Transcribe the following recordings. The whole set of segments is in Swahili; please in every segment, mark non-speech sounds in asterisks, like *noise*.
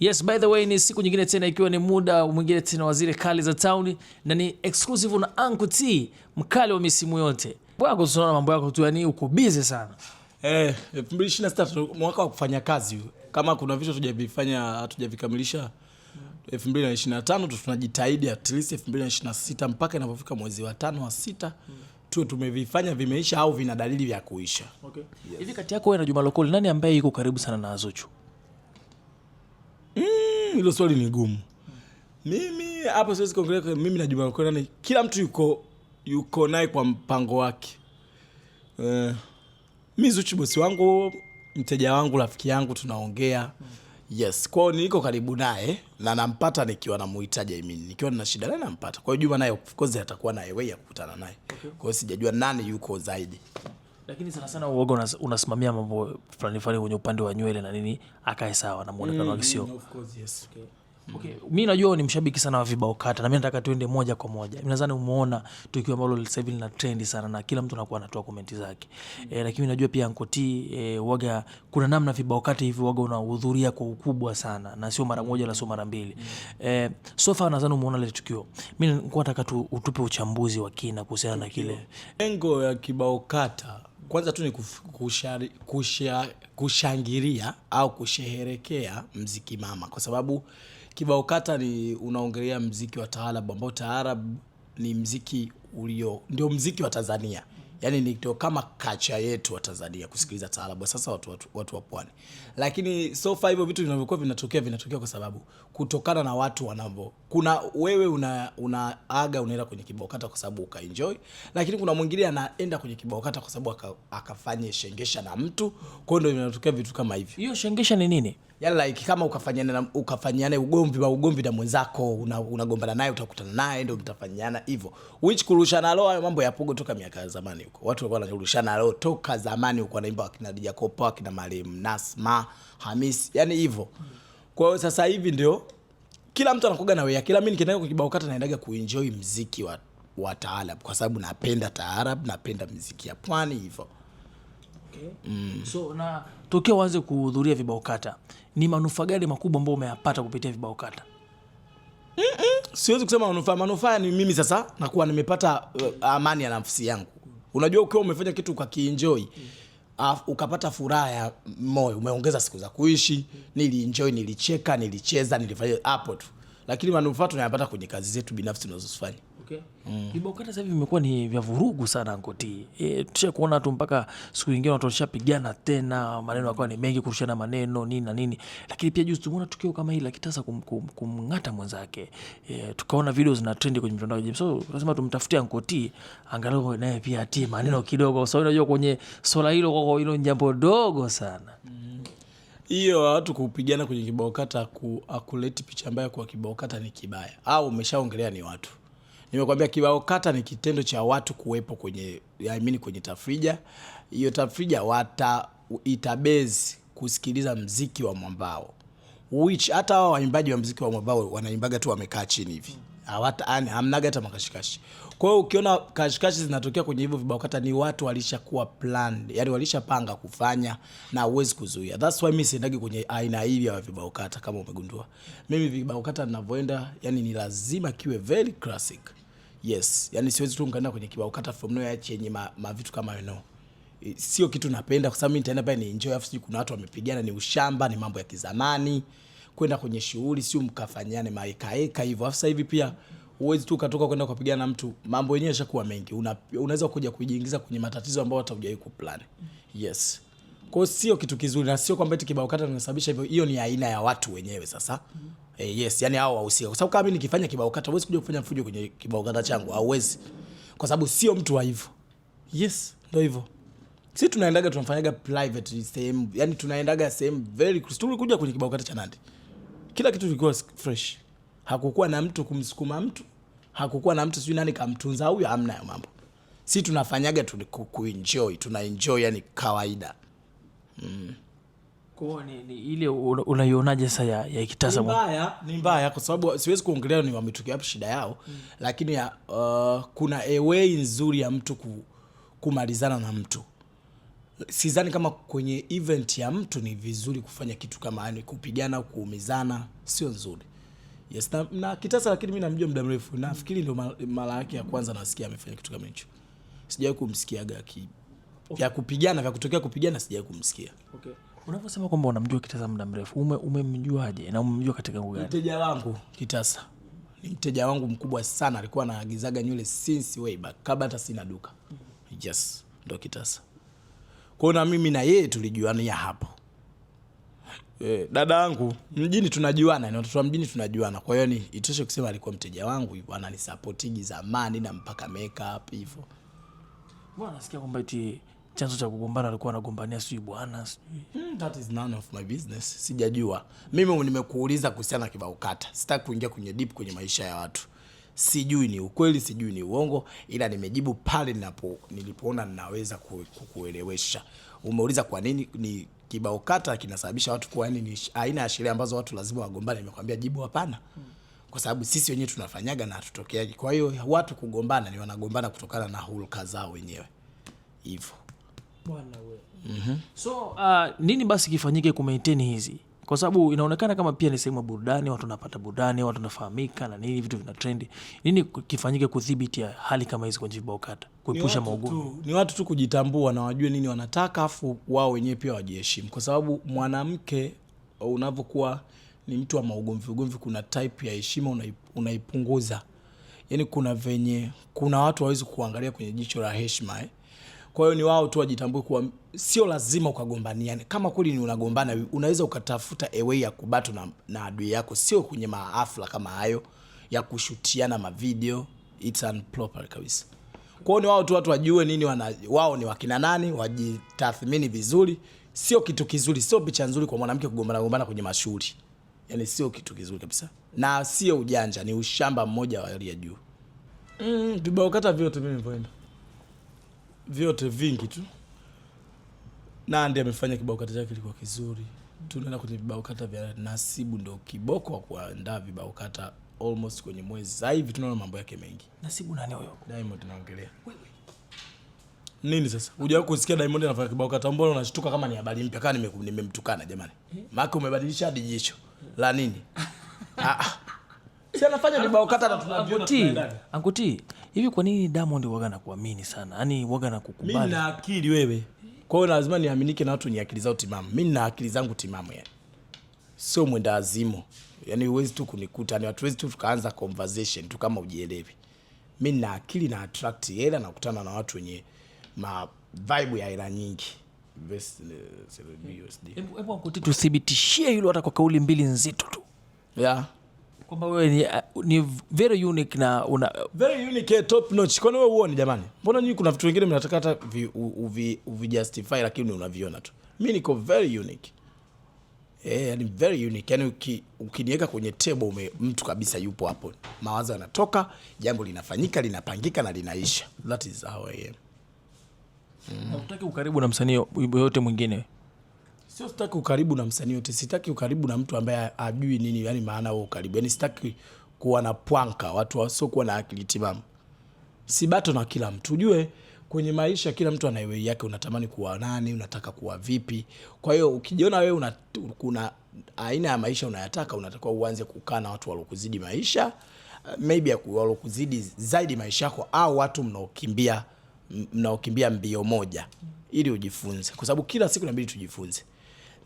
Yes, by the way ni siku nyingine tena ikiwa ni muda mwingine tena wa zile kali za town na ni exclusive na Uncle T mkali wa misimu yote. Bwana tunaona mambo yako tu yani uko busy sana. Eh, 2026 mwaka wa kufanya kazi kama kuna vitu tujavifanya hatujavikamilisha 2025 tu tunajitahidi at least 2026 mpaka inapofika mwezi wa tano wa sita tu tumevifanya vimeisha au vina dalili vya kuisha. Okay. Hivi yes. Kati yako wewe na Juma Lokole nani ambaye yuko karibu sana na Azuchu? hilo swali ni gumu. Mimi hapo siwezi kuongelea, mimi na Juma nani, kila mtu yuko yuko naye kwa mpango wake. Uh, eh, mimi Zuchu bosi wangu, mteja wangu, rafiki yangu, tunaongea Yes, kwao niko karibu naye na nampata nikiwa namuhitaji, I mean nikiwa nina shida naye nampata. Kwa hiyo Juma naye of course atakuwa na way ya kukutana naye. Kwa hiyo sijajua nani yuko zaidi lakini sana sana uoga unasimamia mambo fulani fulani kwenye upande wa nywele na nini, akae sawa na muonekano wake sio mm, mm. Okay. Mi najua ni mshabiki sana wa vibao kata na mi nataka tuende moja kwa moja. Mi nadhani umeona tukio ambalo sasa hivi lina trend sana na kila mtu anakuwa anatoa komenti zake mm. E, lakini najua pia Ankoti e, eh, waga kuna namna vibao kata hivi waga unahudhuria kwa ukubwa sana na sio mara moja la sio mara mbili mm. E, eh, sofa far nadhani umeona lile tukio, mi nilikuwa nataka tu utupe uchambuzi wa kina kuhusiana na kile lengo ya kibao kata kwanza tu ni kushangilia au kusheherekea mziki mama, kwa sababu kibao kata ni unaongelea mziki wa taarabu ambao taarabu ni mziki ulio ndio mziki wa Tanzania, yaani ni kama kacha yetu wa Tanzania kusikiliza taarabu. Sasa watu, watu, watu wa pwani, lakini so far hivyo vitu vinavyokuwa vinatokea vinatokea kwa sababu kutokana na watu wanavyo. Kuna wewe una unaaga unaenda kwenye kibaokata kwa sababu ukaenjoy, lakini kuna mwingine anaenda kwenye kibaokata kwa sababu akafanye shengesha na mtu. kwao hiyo ndio vinatokea vitu kama hivyo. Hiyo shengesha ni nini? Yaani like kama ukafanyana ukafanyana ugomvi wa ugomvi na mwenzako, unagombana una naye, utakutana naye, ndio mtafanyana hivyo. Which kurushana roho, hayo mambo yapogo toka miaka ya zamani huko. Watu walikuwa wanarushana roho toka zamani huko, wanaimba akina Dija Kopa, akina Malim Nasma, Hamis, yani hivyo. Hmm. Kwa hiyo sasa hivi ndio kila mtu anakuga na wea, kila mimi nikienda kwa kibao kata naendaga kuenjoy mziki wa wa taarab kwa sababu napenda taarab, napenda mziki ya pwani hivyo. Okay. Mm. So na tokea uanze kuhudhuria vibao kata, ni manufaa gani makubwa ambayo umeyapata kupitia vibao kata? Mm -mm. Siwezi kusema manufaa. Manufaa ni mimi sasa nakuwa nimepata uh, amani ya nafsi yangu. Unajua ukiwa umefanya kitu kienjoy Mm uh, ukapata furaha ya moyo, umeongeza siku za kuishi, nilienjoy, nilicheka, nilicheza, nilifanya hapo tu, lakini manufaa tunayapata kwenye kazi zetu binafsi tunazozifanya Okay. Mm. Vibao kata sasa hivi vimekuwa ni vya vurugu sana Ankoti. E, eh, tusha kuona tu mpaka siku nyingine watu washapigana tena, maneno yakawa ni mengi kurushana maneno nini na nini. Lakini pia juzi tumeona tukio kama hili la Kitasa kumng'ata kum, mwenzake. E, tukaona video zina trend kwenye mitandao ya so lazima tumtafutie Ankoti angalau naye pia atie maneno kidogo kwa so, sababu unajua kwenye swala hilo kwa hilo jambo dogo sana. Hiyo watu kupigana kwenye kibao kata akuleti picha mbaya kwa kibao kata ni kibaya. Au umeshaongelea ni watu. Nimekwambia kibao kata ni kitendo cha watu kuwepo kwenye I mean kwenye tafrija hiyo. Tafrija wata itabezi kusikiliza mziki wa mwambao, which hata hao waimbaji wa mziki wa mwambao wanaimbaga tu wamekaa chini hivi, hawata hamnaga hata makashikashi. Kwa hiyo ukiona kashikashi zinatokea kwenye hivyo vibao kata, ni watu walishakuwa planned, yani walishapanga kufanya na uwezi kuzuia. That's why mimi siendagi kwenye aina hii ya vibao kata. Kama umegundua, mimi vibao kata ninavyoenda, yani ni lazima kiwe very classic Yes, yani siwezi tu nikaenda kwenye kibao kata from nowhere chenye ma, ma vitu kama you know. Sio kitu napenda kwa sababu mimi nitaenda pale ni enjoy, afu sijui kuna watu wamepigana, ni ushamba, ni mambo ya kizamani. Kwenda kwenye shughuli sio mkafanyane maekaeka hivyo. Afu sasa hivi pia huwezi tu ukatoka kwenda kupigana na mtu, mambo yenyewe yashakuwa mengi. Una, unaweza kuja kujiingiza kwenye matatizo ambayo hata hujawahi kuplan. Yes kwao sio kitu kizuri na sio kwamba eti kibao kata tunasababisha hivyo. Hiyo ni aina ya watu wenyewe sasa. Mm. hmm Eh, yes, yani hao wahusika. Kwa sababu kama mimi nikifanya kibao kata huwezi kuja kufanya fujo kwenye kibao kata changu. Hauwezi. Kwa sababu sio mtu wa hivyo. Yes, ndio hivyo. Sisi tunaendaga tunafanyaga private sehemu. Yani tunaendaga sehemu very close. Kuja kwenye kibao kata cha Nandi. Kila kitu kilikuwa fresh. Hakukuwa na mtu kumsukuma mtu. Hakukuwa na mtu sijui nani kamtunza huyo amna ya mambo. Sisi tunafanyaga tu kuenjoy, enjoy yani kawaida mm. Kwa ni, ni ile unaionaje sasa ya, ya mbaya ni mbaya, kwa sababu siwezi kuongelea ni wametukia wapi shida yao mm. Lakini ya, uh, kuna ewei nzuri ya mtu ku, kumalizana na mtu. sizani kama kwenye event ya mtu ni vizuri kufanya kitu kama yani kupigana, kuumizana, sio nzuri. Yes, na, na kitasa, lakini mi namjua muda mrefu, nafikiri ndio mara yake ya kwanza nasikia amefanya kitu kama hicho, sijawai kumsikiaga vya kupigana vya kutokea kupigana sijawahi kumsikia. Okay. Unavyosema kwamba unamjua Kitasa muda mrefu, umemjuaje ume na umemjua katika nguo gani? Mteja wangu Kitasa ni mteja wangu mkubwa sana, alikuwa anaagizaga nywele since way back kabla hata sina duka. Yes, ndo Kitasa. kwao na mimi na yeye tulijuania hapo. Eh, dada yangu mjini tunajuana, ni watoto wa mjini tunajuana. Kwa hiyo ni itoshe kusema alikuwa mteja wangu hivyo, ananisapotigi zamani na mpaka makeup up hivyo. Bwana nasikia kwamba eti chanzo cha kugombana alikuwa anagombania sijui bwana sijui. Hmm, that sijajua mimi. Nimekuuliza kuhusiana na kibao kata, sitaki kuingia kwenye dip kwenye maisha ya watu. Sijui ni ukweli, sijui ni uongo, ila nimejibu pale ninapo nilipoona ninaweza kukuelewesha. Umeuliza kwa nini ni kibao kata kinasababisha watu kuwa, yani ni aina ya sherehe ambazo watu lazima wagombane. Nimekwambia jibu hapana, hmm. kwa sababu sisi wenyewe tunafanyaga na hatutokeaje. Kwa hiyo watu kugombana ni wanagombana kutokana na hulka zao wenyewe hivyo Bwana wewe. Mhm. So uh, nini basi kifanyike ku maintain hizi kwa sababu inaonekana kama pia ni sehemu ya burudani, watu wanapata burudani, watu wanafahamika na nini, vitu vina trendi. Nini kifanyike kudhibiti hali kama hizi kwenye vibao kata, kuepusha maugumu Ni watu tu kujitambua na wajue nini wanataka, afu wao wenyewe pia wajiheshimu, kwa sababu mwanamke unavyokuwa ni mtu wa maugomvi ugomvi, kuna type ya heshima unaipunguza. yaani kuna venye kuna watu wawezi kuangalia kwenye jicho la heshima eh. Kwa hiyo ni wao tu wajitambue kuwa sio lazima ukagombania Kama kweli ni unagombana, unaweza ukatafuta ewe ya kubatu na, na adui yako, sio kwenye maafla kama hayo ya kushutiana mavideo. It's kabisa. Kwa hiyo ni wao tu watu wajue nini wana, wao ni wakina nani, wajitathmini vizuri. Sio kitu kizuri, sio picha nzuri kwa mwanamke kugombana gombana kwenye mashuri Yaani sio kitu kizuri kabisa, na sio ujanja, ni ushamba mmoja wa hali ya juu. Mm, tubaokata vyote mimi nilipoenda vyote vingi tu. nandi amefanya kibao kata chake kilikuwa kizuri. Tunaenda kwenye vibao kata vya Nasibu, ndio kiboko wa kuandaa vibao kata almost kwenye mwezi. Sasa hivi tunaona mambo yake mengi. Nasibu nani huyo? Diamond naongelea. Nini sasa? Hujawahi kusikia Diamond anafanya kibao kata, mbona unashtuka kama ni habari mpya? Kama nimemtukana jamani. Eh? Maana umebadilisha hadi jicho. Eh. La nini? *laughs* Ah, ah. Si anafanya vibao kata na tunavyotii Ankuti. Hivi kwa nini Diamond waga na kuamini sana? Yaani waga na kukubali. Mimi na akili wewe. Kwa hiyo lazima niaminike na watu wenye akili zao timamu. Mimi na akili zangu timamu yani. Sio mwenda azimu. Yaani huwezi tu kunikuta, yani hatuwezi tu tukaanza conversation tu kama ujielewi. Mimi na akili na attract hela na kukutana na watu wenye ma vibe ya hela nyingi. Eh, hebu hebu akuti tuthibitishie hilo hata kwa kauli mbili nzito tu. Yeah kwamba wewe ni, uh, ni very unique na una very unique eh, top notch. Kwa nini wewe uone jamani, mbona nyinyi kuna vitu vingine mnataka hata uvi, uvi justify lakini unaviona tu. Mimi niko very unique eh, yani very unique yani uki, ukiniweka kwenye table ume, mtu kabisa yupo hapo, mawazo yanatoka, jambo linafanyika, linapangika na linaisha. That is how I am. Mm. Hautaki ukaribu na msanii yoyote mwingine Sio, sitaki ukaribu na msanii yote, sitaki ukaribu na mtu ambaye ajui nini yani maana wewe ukaribu. Yani sitaki kuwa na pwanka, watu wasiokuwa na akili timamu. Sibato na kila mtu. Ujue kwenye maisha kila mtu ana way yake, unatamani kuwa nani, unataka kuwa vipi. Kwa hiyo ukijiona wewe una kuna aina ya maisha unayataka, unatakiwa uanze kukaa na watu walokuzidi maisha, maybe walokuzidi zaidi maisha yako, au watu mnaokimbia mnaokimbia mbio moja, ili ujifunze, kwa sababu kila siku inabidi tujifunze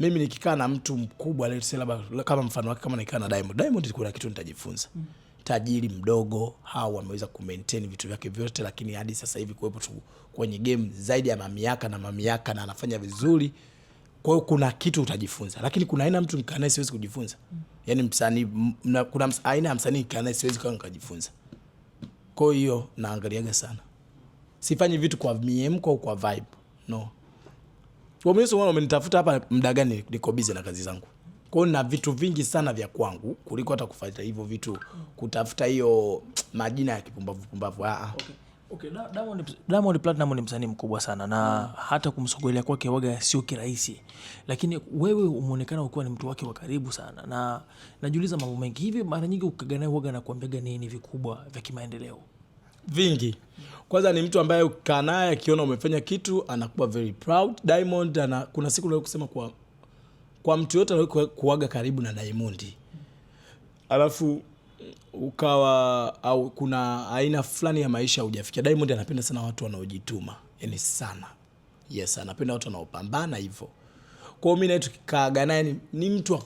mimi nikikaa na mtu mkubwa labda kama mfano wake kama nikikaa na Diamond, Diamond kuna kitu nitajifunza mm. Tajiri mdogo hao wameweza ku vitu vyake vyote, lakini hadi sasa hivi kuwepo tu kwenye game zaidi ya mamiaka na mamiaka na anafanya vizuri. Kwa hiyo kuna kitu utajifunza, lakini kuna aina mtu nikaa naye siwezi kujifunza mm. Yani msanii, kuna aina ya msanii nikaa naye siwezi kwa nikajifunza. Kwa hiyo naangaliaga sana, sifanyi vitu kwa miemko au kwa vibe no Wamenitafuta hapa muda gani? Niko busy na kazi zangu. Kwa na vitu vingi sana vya kwangu kuliko hata kufata hivyo vitu kutafuta hiyo majina ya kipumbavu pumbavu. Ah. ah. Okay. Okay, Platinum ni msanii mkubwa sana na hata kumsogelea kwake waga sio kirahisi, lakini wewe umeonekana ukiwa ni mtu wake wa karibu sana, na najiuliza mambo mengi hivi, mara nyingi ukaganae waga na kuambiaga nini vikubwa vya kimaendeleo vingi. Kwanza ni mtu ambaye ukikaa naye akiona umefanya kitu anakuwa very proud. Diamond ana, kuna siku kusema kwa kwa mtu yote alikuwa kuaga karibu na Diamond. Alafu ukawa au kuna aina fulani ya maisha hujafikia. Diamond anapenda sana watu wanaojituma. yani sana. Yes, anapenda watu wanaopambana hivyo kwao mi mimi naye tukikaaga naye ni mtu wa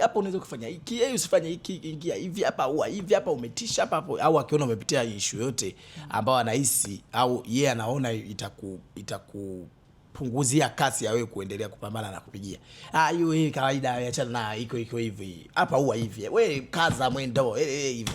hapa unaweza kufanya hiki, yeye usifanye hiki, ingia hivi hapa au hivi hapa, umetisha hapa hapo, au akiona umepitia issue yote ambao anahisi au yeye yeah, anaona itaku itaku punguzia kasi ya wewe kuendelea kupambana na kupigia. Ah, hiyo hii kawaida, achana na iko iko hivi. Hapa huwa hivi. Wewe kaza mwendo, eh hivyo.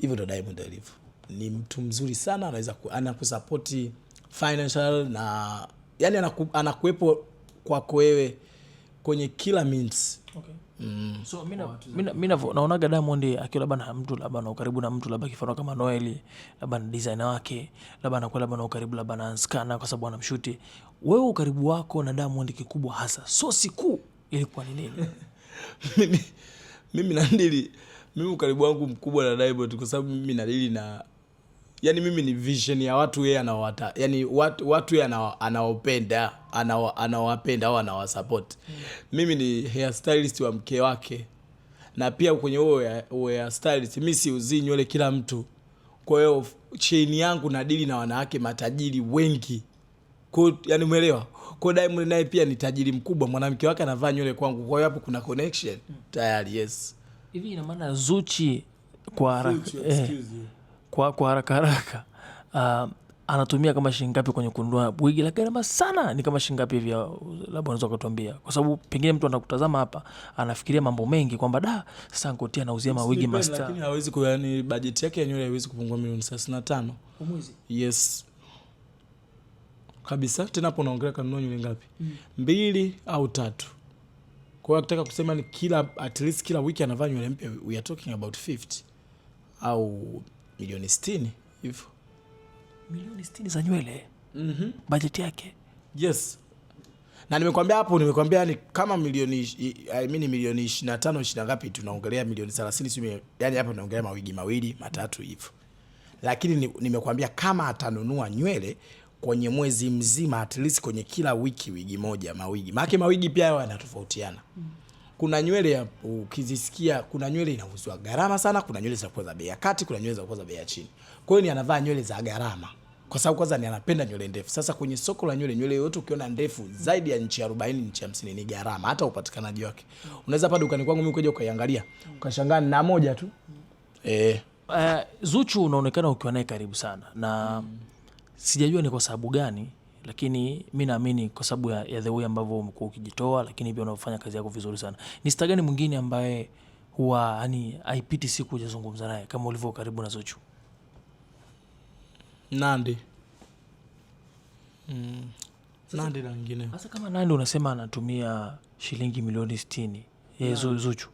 Hivyo ndo Diamond alivyo. Ni mtu mzuri sana, anaweza anakusupport financial na yani anaku, anakuepo kwako wewe kwenye kila meals. Okay. Mm. So mi naonaga Diamond akiwa labda na mtu labda na ukaribu na mtu labda kifano kama Noel labda na designer wake labda anakuwa labda na ukaribu labda na Anskana kwa sababu anamshuti wewe. Ukaribu wako na Diamond kikubwa hasa so sikuu ilikuwa ni nini? *laughs* mimi mimi nadili mimi ukaribu wangu mkubwa na Diamond kwa sababu mimi nadili na yani mimi ni vision ya watu yeye anawata yani watu, watu yeye anaopenda anawapenda au anawasupport mm. mimi ni hairstylist wa mke wake na pia kwenye huo hairstylist mi siuzii nywele kila mtu kwa hiyo cheni yangu nadili na wanawake matajiri wengi kwa yani umeelewa kwa Diamond naye pia ni tajiri mkubwa mwanamke wake anavaa nywele kwangu kwa hiyo hapo kuna connection mm. tayari yes hivi ina maana Zuchi kwa Zuchi, excuse eh. you kwa, kwa haraka haraka uh, anatumia kama shilingi ngapi kwenye kununua bwigi la gharama sana? Ni kama shilingi ngapi hivi? Labda unaweza kutuambia, kwa sababu pengine mtu anakutazama hapa anafikiria mambo mengi kwamba da, sasa ngoti anauzia mawigi master lakini hawezi kwa yani, bajeti yake ya nywele haiwezi kupungua milioni 35 kwa mwezi. Yes kabisa. Tena hapo unaongelea kanunua nywele ngapi? mm. mbili au tatu. Kwa hiyo akitaka kusema ni kila at least kila wiki anavaa nywele mpya, we are talking about 50 au milioni stini hivyo. Milioni stini za nywele? mm -hmm. Bajeti yake? Yes, na nimekwambia hapo, nimekwambia ni kama milioni I mean milioni 25 20 ngapi, tunaongelea milioni 30, sio? Yani hapo tunaongelea mawigi mawili matatu hivyo, lakini nimekwambia kama atanunua nywele kwenye mwezi mzima, at least kwenye kila wiki wigi moja mawigi, maake mawigi pia yanatofautiana. mm kuna nywele ya ukizisikia, kuna nywele inauzwa gharama sana, kuna nywele zinakuwa za bei ya kati, kuna nywele zinakuwa za bei ya chini. Kwa hiyo ni anavaa nywele za gharama kwa sababu kwanza ni anapenda nywele ndefu. Sasa kwenye soko la nywele, nywele yoyote ukiona ndefu zaidi ya nchi 40 nchi 50 ni gharama, hata upatikanaji wake. Unaweza hapa dukani kwangu mimi kuja ukaiangalia ukashangaa na moja tu eh. Uh, Zuchu unaonekana ukiwa naye karibu sana na mm. Sijajua ni kwa sababu gani lakini mi naamini kwa sababu ya, ya the way ambavyo umekuwa ukijitoa, lakini pia unafanya kazi yako vizuri sana. Ni star gani mwingine ambaye huwa yani haipiti siku ujazungumza naye kama ulivyo karibu na Zuchu? Nandi. Mm. Nandi na wengine. Sasa kama Nandi unasema anatumia shilingi milioni sitini eh, yeah. Zuchu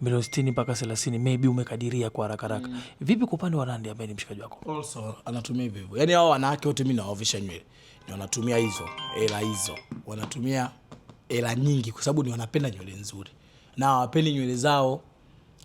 milioni sitini mpaka thelathini maybe umekadiria kwa haraka haraka. Mm. Vipi kwa upande wa Nandi ambaye ni mshikaji wako? Also anatumia hivyo. Yaani hao wanawake wote mimi nawavisha nywele wanatumia hizo hela hizo, wanatumia hela nyingi kwa sababu ni wanapenda nywele nzuri na wapeni nywele zao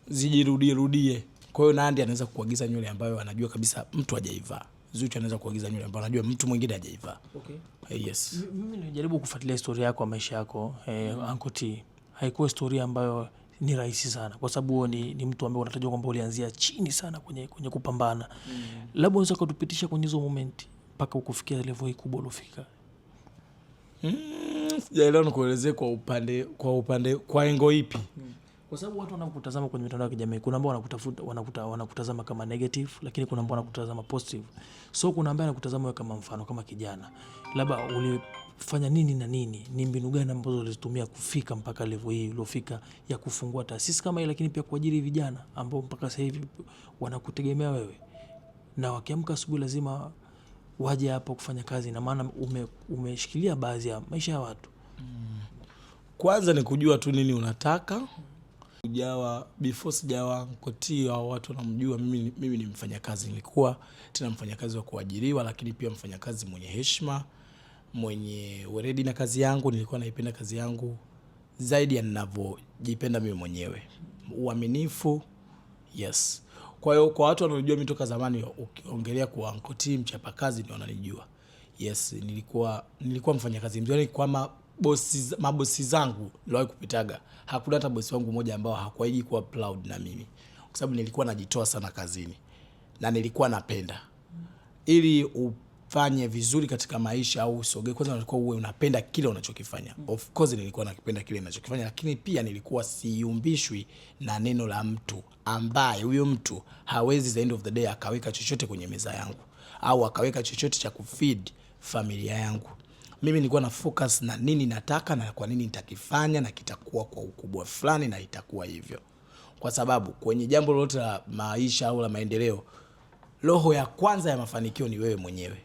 zijirudie rudie. Kwa hiyo Nandy anaweza kuagiza nywele ambayo anajua kabisa mtu hajaivaa. Zuchu anaweza kuagiza nywele ambayo anajua mtu mwingine hajaivaa. Okay. Eh, yes. Mimi najaribu kufuatilia historia yako ya maisha yako eh, Anko mm-hmm. T. Haikuwa historia ambayo ni rahisi sana kwa sababu ni, ni mtu ambaye unatajwa kwamba ulianzia chini sana kwenye, kwenye kupambana mm. Labda unaweza kutupitisha kwenye hizo momenti mpaka ukufikia level hii kubwa uliofika? Hmm, sijaelewa mm, nikuelezee kwa upande kwa upande kwa engo ipi? mm. Kwa sababu watu wanakutazama kwenye mitandao ya kijamii, kuna ambao wanakutafuta wanakuta, wanakutazama kama negative, lakini kuna ambao wanakutazama positive. So kuna ambaye anakutazama kama mfano, kama kijana, labda ulifanya nini na nini, ni mbinu gani ambazo ulizitumia kufika mpaka level hii uliofika ya kufungua taasisi kama hii, lakini pia kuajiri vijana ambao mpaka sasa hivi wanakutegemea wewe, na wakiamka asubuhi lazima waje hapa kufanya kazi, na maana ume, umeshikilia baadhi ya maisha ya watu mm. Kwanza ni kujua tu nini unataka ujawa before sijawa nkotii au watu wanamjua mimi, mimi ni mfanyakazi, nilikuwa tena mfanyakazi wa kuajiriwa, lakini pia mfanyakazi mwenye heshima, mwenye weredi na kazi yangu. Nilikuwa naipenda kazi yangu zaidi ya ninavyojipenda mimi mwenyewe, uaminifu, yes. Kwa hiyo kwa watu wanaojua mimi toka zamani, ukiongelea kwa Uncle T mchapakazi, ndio wananijua. Yes, nilikuwa nilikuwa mfanyakazi mzuri kwa mabosi mabosi zangu niliwahi kupitaga. Hakuna hata bosi wangu mmoja ambao hakuwahi kuwa proud na mimi. Kwa sababu nilikuwa najitoa sana kazini na nilikuwa napenda. Ili fanye vizuri katika maisha au usoge kwanza unatakiwa uwe unapenda kile unachokifanya. Of course nilikuwa nakipenda kile ninachokifanya, lakini pia nilikuwa siyumbishwi na neno la mtu ambaye huyo mtu hawezi the end of the day akaweka chochote kwenye meza yangu au akaweka chochote cha kufeed familia yangu. Mimi nilikuwa na focus na nini nataka na kwa nini nitakifanya na kitakuwa kwa ukubwa fulani na itakuwa hivyo, kwa sababu kwenye jambo lolote la maisha au la maendeleo roho ya kwanza ya mafanikio ni wewe mwenyewe.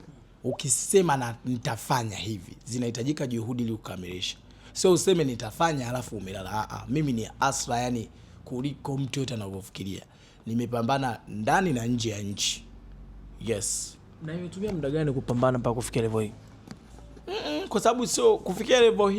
Ukisema na nitafanya hivi, zinahitajika juhudi ili kukamilisha, sio useme nitafanya alafu umelala. Aa, ah, ah, mimi ni asra, yani kuliko mtu yote anavyofikiria, nimepambana ndani na nje ya nchi. Yes. Na imetumia muda gani kupambana mpaka kufikia level hii? Mm, kwa sababu sio kufikia level hii